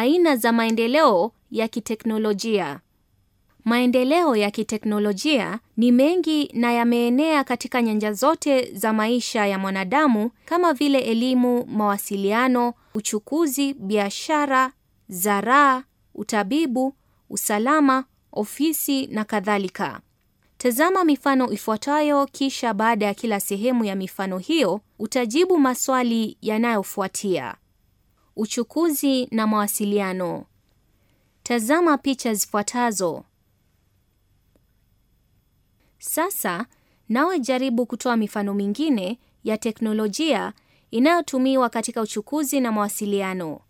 Aina za maendeleo ya kiteknolojia. Maendeleo ya kiteknolojia ni mengi na yameenea katika nyanja zote za maisha ya mwanadamu kama vile elimu, mawasiliano, uchukuzi, biashara, zaraa, utabibu, usalama, ofisi na kadhalika. Tazama mifano ifuatayo kisha baada ya kila sehemu ya mifano hiyo utajibu maswali yanayofuatia uchukuzi na mawasiliano. Tazama picha zifuatazo. Sasa nawe jaribu kutoa mifano mingine ya teknolojia inayotumiwa katika uchukuzi na mawasiliano.